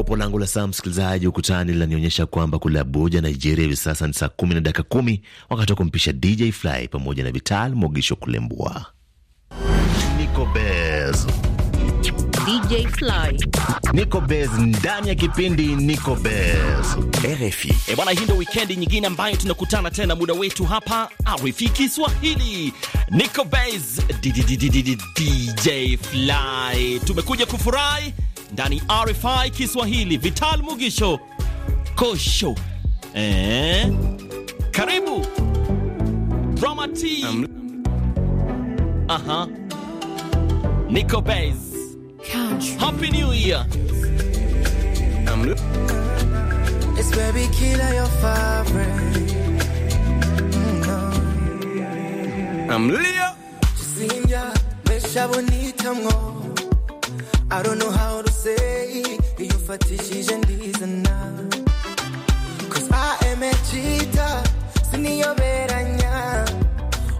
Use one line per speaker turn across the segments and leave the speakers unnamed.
Kopo langu la saa msikilizaji ukutani linanionyesha kwamba kule Abuja, Nigeria, hivi sasa ni saa kumi na dakika kumi wakati wa kumpisha DJ Fly pamoja na Vital Mogisho kulembua Bez.
DJ Fly.
Niko Bez ndani ya kipindi Niko Bez. RFI. E eh, bwana, hii ndo wikendi nyingine ambayo tunakutana tena muda wetu hapa RFI Kiswahili. Niko Bez. DJ Fly. Tumekuja kufurahi ndani RFI Kiswahili. Vital Mugisho Kosho, eh, karibu Roma T. Aha, Nico Bays. Happy New Year.
It's baby killer your favorite. mm I'm Leo. Just Sim, ya, mesha bonita, amor. I don't know how to say you're iyufatishije ndizana Cause I am a cheetah, cheater siniyoberanya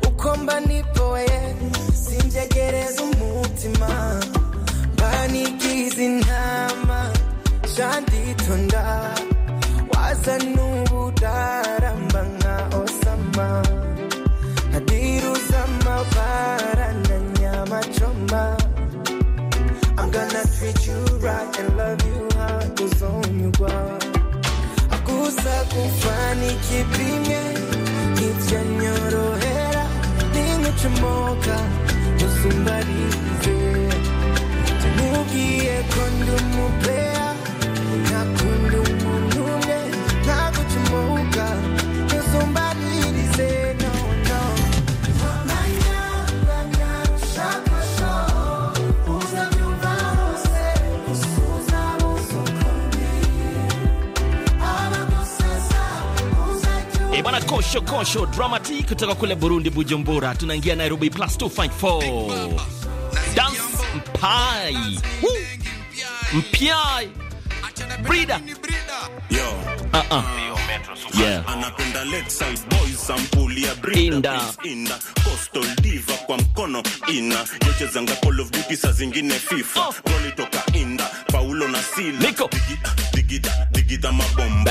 uko mba nipoye sinjegereza umutima mba nigize intama shanditonda waza n'ubudaramba nka osama gonna treat you right and love you hard uzonyugwa. Hakuza kufani kipimye kivyanyorohera ningucomoka usimbarize tumubwiye ko
koshokosho dramati kutoka kule Burundi, Bujumbura. Tunaingia Nairobi plus 254 dance mpai mpiai brida
yo uh -uh. Anapenda boys sampuli ya Inda Coastal Diva kwa mkono ina Call of Duty saa zingine FIFA Goli oh. toka Inda Paulo na Sila digida digida mabomba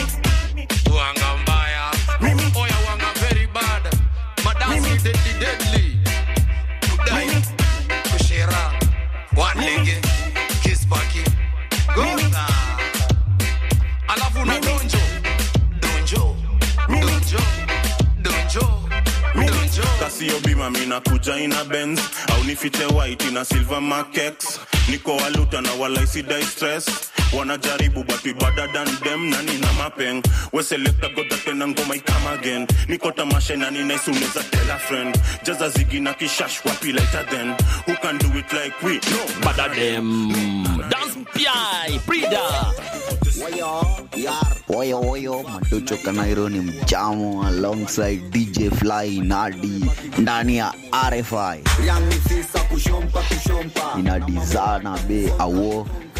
mami nakuja ina Benz au nifite white na silver makex niko waluta na walaisi distress wanajaribu but bada dan dem nani na mapeng we selecta goda tena ngoma ikam again niko tamasha na nina suneza tell a friend jaza zigi na kishash wapi later then who can do it like we no bada dem
dance pi prida Oyo, Oyo, oyo, Matucho Kanairo ni mchamo alongside DJ Fly Nadi ndani ya RFI. Inadizana be awo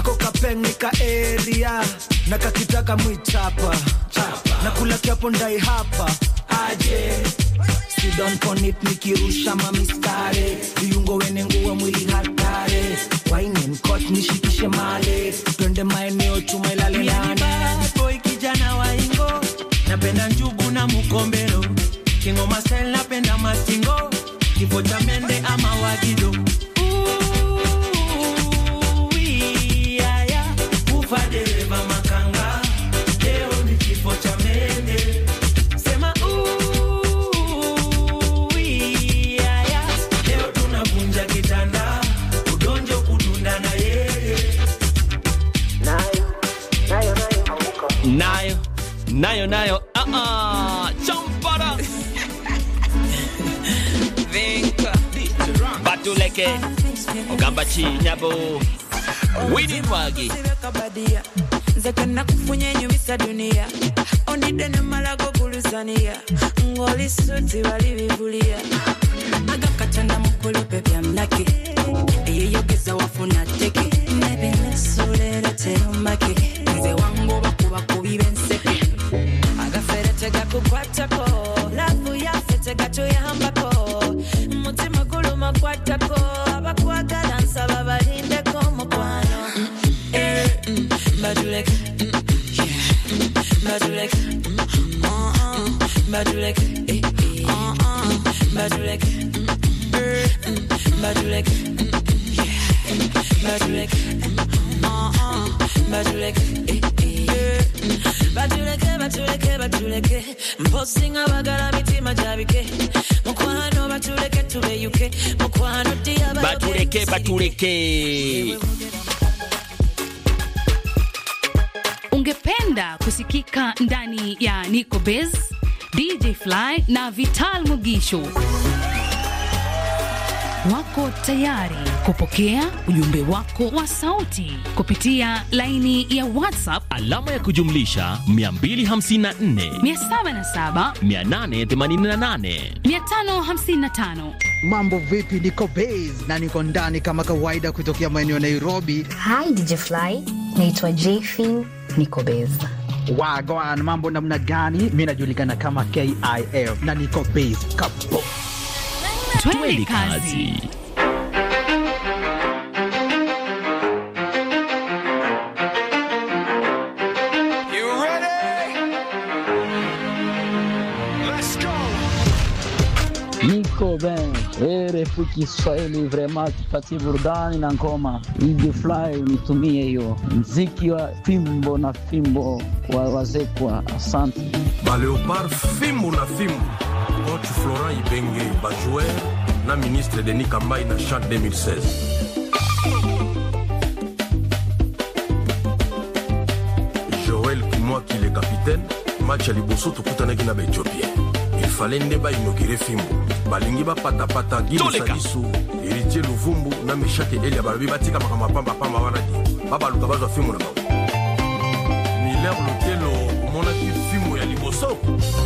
ako ka area na kakitaka mwichapa na kula kiapo ndai hapa aje sidon sidonkonit nikirusha mamiskare viungo wene nguwa mwili hatare wainenkot nishikishe male twende maeneo chumailale naniboi kijana waingo napenda njugu na mukombero kingoma sel napenda masingo kifo cha mende ama wagido
nayo nayo uh -uh.
Chompara
Batuleke Ogamba chi nyabo Wini mwagi
zekena kufunya enyumisa duniya onidde nemalago buluzaniya ng'olisuti walivivulia bibulya agakatonda mukulupe byamlaki eyeyogeza wafuna teke nebinesuleera terumake kwa lafu yafetegacoya hambako umutima guluma kwa tako abakwagala nsaba balindeko mukwano mbaduleke batuleke batuleke mposinga bagala mitima mukwano batuleke tubeyuke mukwano
batuleke ungependa kusikika ndani ya Nico Bez, DJ Fly na Vital Mugisho wako tayari kupokea ujumbe wako wa sauti kupitia laini ya WhatsApp alama ya kujumlisha 254 Mambo vipi? Niko base na niko ndani kama kawaida kutokea maeneo ya Nairobi. Hi DJ Fly, naitwa Jfin, niko base wagwan. Mambo namna gani? Mi najulikana kama kif na niko base kabisa Twende kazi. ben Kiswahili vrema, tupatie burudani na ngoma Easy Fly, nitumie hiyo mziki wa fimbo na fimbo wa wazekwa. Asante.
Baleopar, fimbo na fimbo coach florent ibenge bajouer na ministre denis kambai na chan 2016 joel kimwaki le capitaine match ya liboso tokutanaki na baethiopien ifale nde bainokire fimbu balingi bapatapata gilisalisu eritier luvumbu na meshake elia balobi batika makambo ya pambapamba wana di babaluka bazwa fimbu na bango miler lotelo omonaki fimbu ya liboso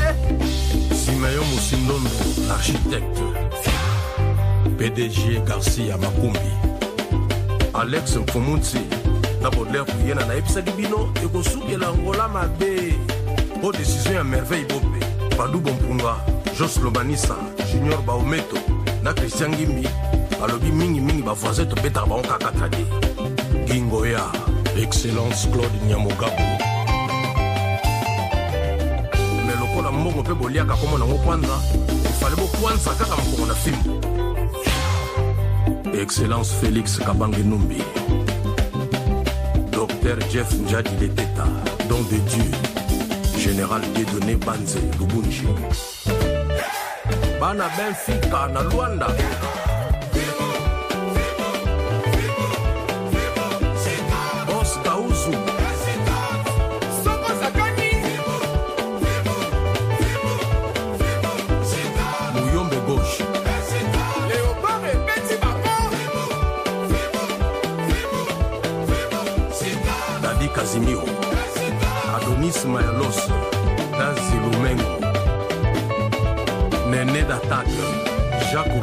eh. nsima yo mosindondo architecte pdg garcia makumbi alex komutsi na bodler kuyena nayebisaki bino ekosukela ngola mabe mpo desizio ya merveille bope badu bompunga jos lobanisa junior baometo na kristian ngimbi balobi mingimingi bavoisin tobetaka bango kaka tradi gingo ya excellence claude nyamogabo me lokola mbongo mpe boliaka komo nango kwanza efale bokwanza kaka mokongo na fimbu excellence félix kabange numbi docteur jeff njadi leteta don de dieu général dedone banze lubunji bana Benfica na lwanda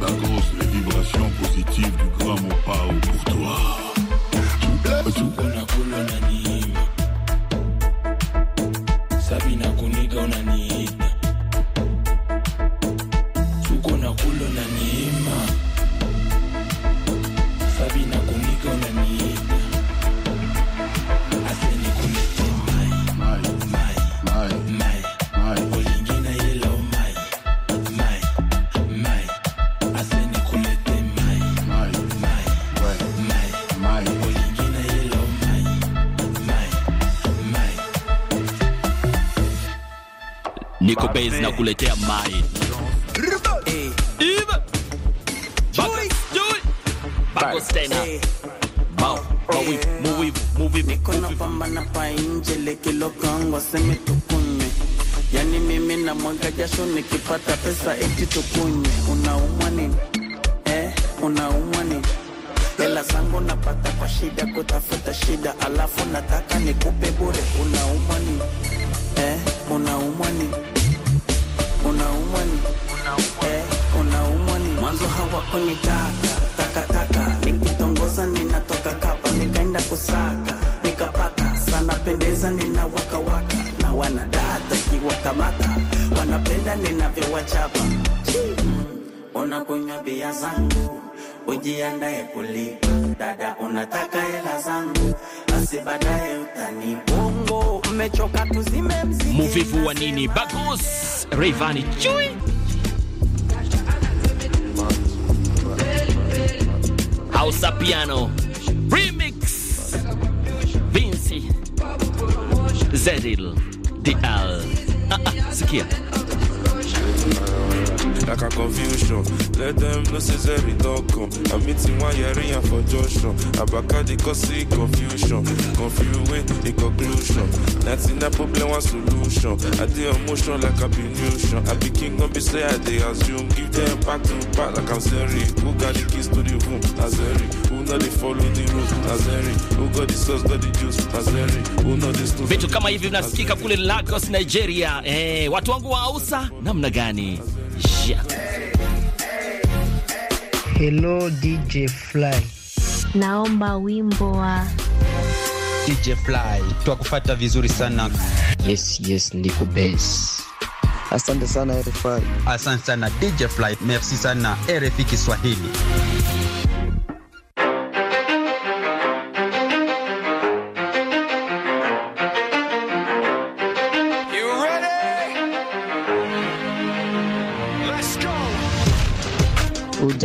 La les vibrations positives du grand mot
Waze na kuletea mai niko na yani mimi na mwaga jasho nikipata pesa eti tukunye. Unaumwa nini eh? Unaumwa nini? Hela zangu napata kwa shida, kutafuta shida, alafu nataka nikupe bure. Unaumwa nini eh? Unaumwa nini? Eh, unaumwani mwanzo hawakunitaka takataka nikitongoza ninatoka kapa nikaenda kusaka nikapata sana pendeza ninawakawaka na wanadata kiwakamata wanapenda ninavyowachapa
hmm,
unakunywa bia zangu ujiandaye kulipa dada unataka hela zangu basi baadaye utanipa tumechoka tuzime mziki. Muvivu wa nini? Bagus Rayvanny chui Hausa piano
remix
Vinci
Zedil DL. Ah, ah, sikia Like a confusion, let them know say every talk come. I'm meeting one year in for Joshua. Abaka they cause see confusion, confuse the conclusion. Nothing a problem one solution. I do emotion like a penulsion. I be king on be say I they assume. Give them back to back like I'm Seri. Who got the keys to the room? Azeri. Who know they follow the rules? Azeri. Who got the sauce? Got the juice? Azeri. Who know this? Vitu kama hivi vinasikika kule
Lagos, Nigeria. Eh, watu wangu wa Hausa namna Diani Jacques. Hello DJ Fly. Naomba wimbo wa DJ Fly. Twakufata vizuri sana. Yes, yes, ndiko bass.
Asante sana RFI.
Asante sana DJ Fly. Merci sana RFI Kiswahili.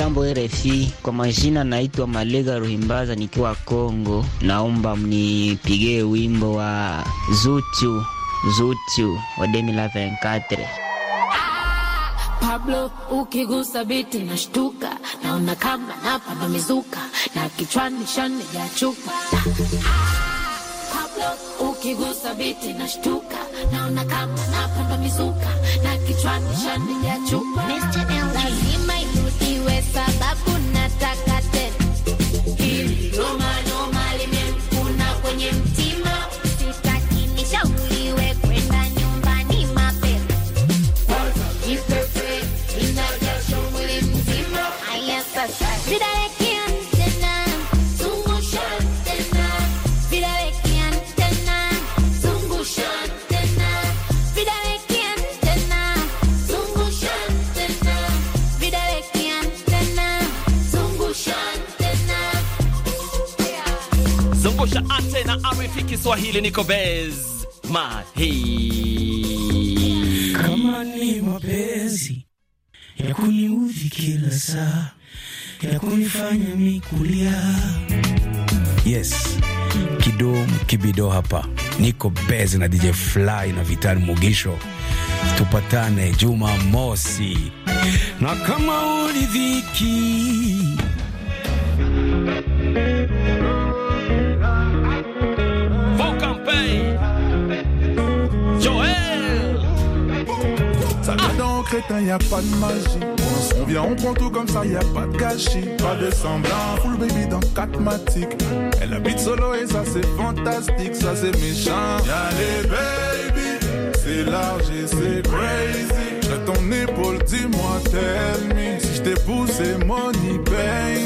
Jambo RFI, kwa majina naitwa Malega Ruhimbaza nikiwa Kongo. Naomba mnipigie wimbo wa Zuchu Zuchu wa 2024.
Ah, Pablo ukigusa biti shtuka, naona kama napa mizuka na kichwani shani ya chupa. Ah, Pablo ukigusa biti shtuka, naona kama napa mizuka na kichwani shani ya chupa. Mr. L lazima iwe sababu nataka
zungusha ate na arifi Kiswahili, niko bez mahi. Kama
ni mapenzi ya kuniudhi kila saa, ya kunifanya mikulia,
yes kido kibido hapa niko bez na DJ Fly na Vitali Mugisho, tupatane Juma Mosi na kama ulidhiki
Ça vient dans le crétin, y a pas de magie. On vient, on prend tout comme ça, y a pas de gâchis. Pas de semblant, full baby dans 4 matiques. Elle habite solo et ça c'est fantastique, ça c'est méchant. Y'a les baby, c'est large et c'est crazy. J'ai ton épaule, dis-moi, tell me. Si t'ai poussé, money, pay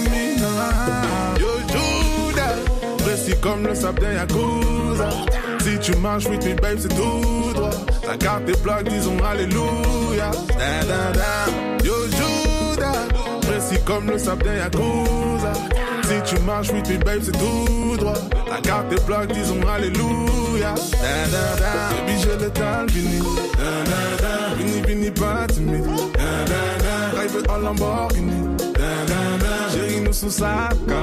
Yo, Judas, précis comme le sable d'un Yakuza. Si tu marches with me, babe, c'est tout droit. La carte des plaques, disons Alléluia. Da, Yo, Précis comme le sable Yakuza. Si tu marches, with me, babe, c'est tout droit. La carte des plaques, disons Alléluia. Da, da, da. Baby, le vini. Vini, vini, pas timide. en Lamborghini. J'ai sous da, da.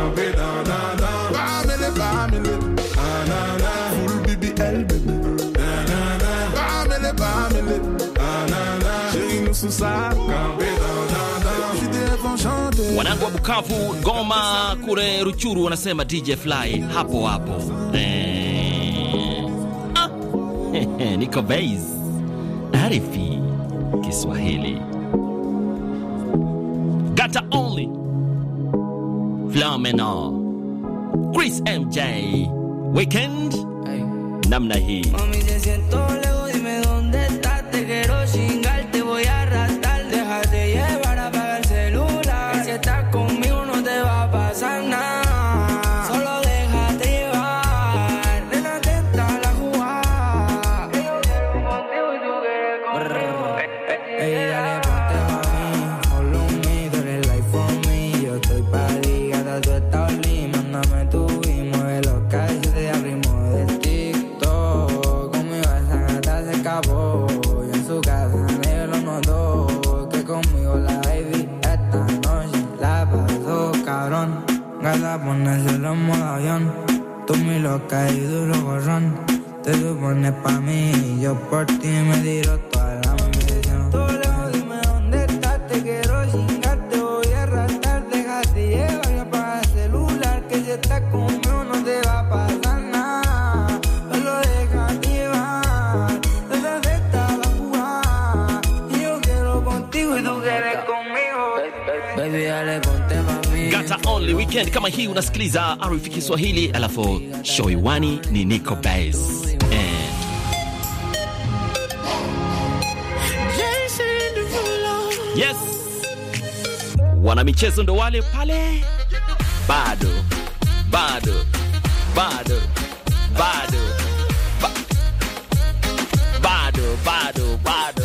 Pamela. Chérie, nous sous ça, campé Wanangu wa Bukavu, Goma, kure
Ruchuru wanasema DJ Fly hapo hapo. Eh. Ah. Niko base. Arifi Kiswahili. Gata only. Flamena. Chris MJ. Weekend. Namna hii.
detalle. como avión. Tú mi loca y duro borrón. Te supones pa' mí y yo por ti me tiro toda la ambición. Todo lejos dime dónde estás, te quiero chingarte, voy a arrastrar. Déjate llevar y apaga el celular que si estás conmigo no te va a pasar nada. Solo déjate llevar, no te acepta la jugada. Yo quiero contigo y tú quieres conmigo.
Baby, dale contigo. kupata only weekend kama hii. Unasikiliza RFI Kiswahili, alafu shoiwani ni Nico Baez and yes, wanamichezo ndo wale
pale,
bado bado bado bado bado bado bado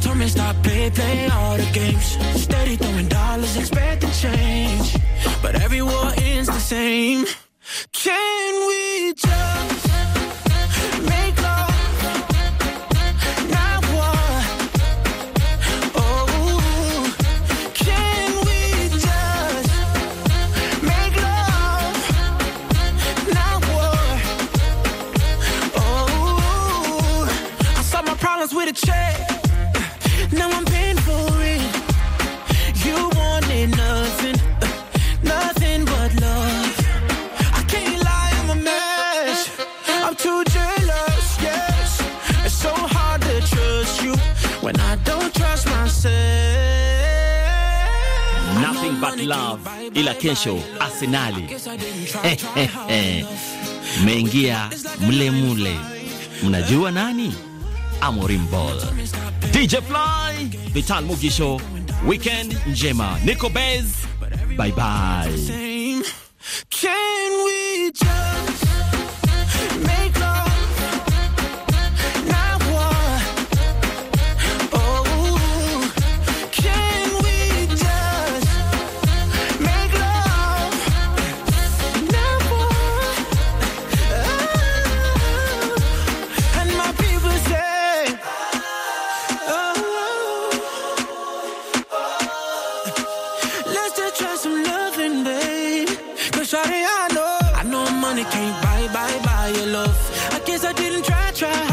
told me stop, play, play all the games. Steady throwing dollars, expecting change. But every war ends the same. Can we just?
kesho Arsenali mmeingia mle mle, mnajua nani? Amorim Ball, DJ Fly, Vital Mugisho. Weekend njema, Nico Bez, bye bye.
it, can't buy, buy, buy your love. I guess I didn't try, try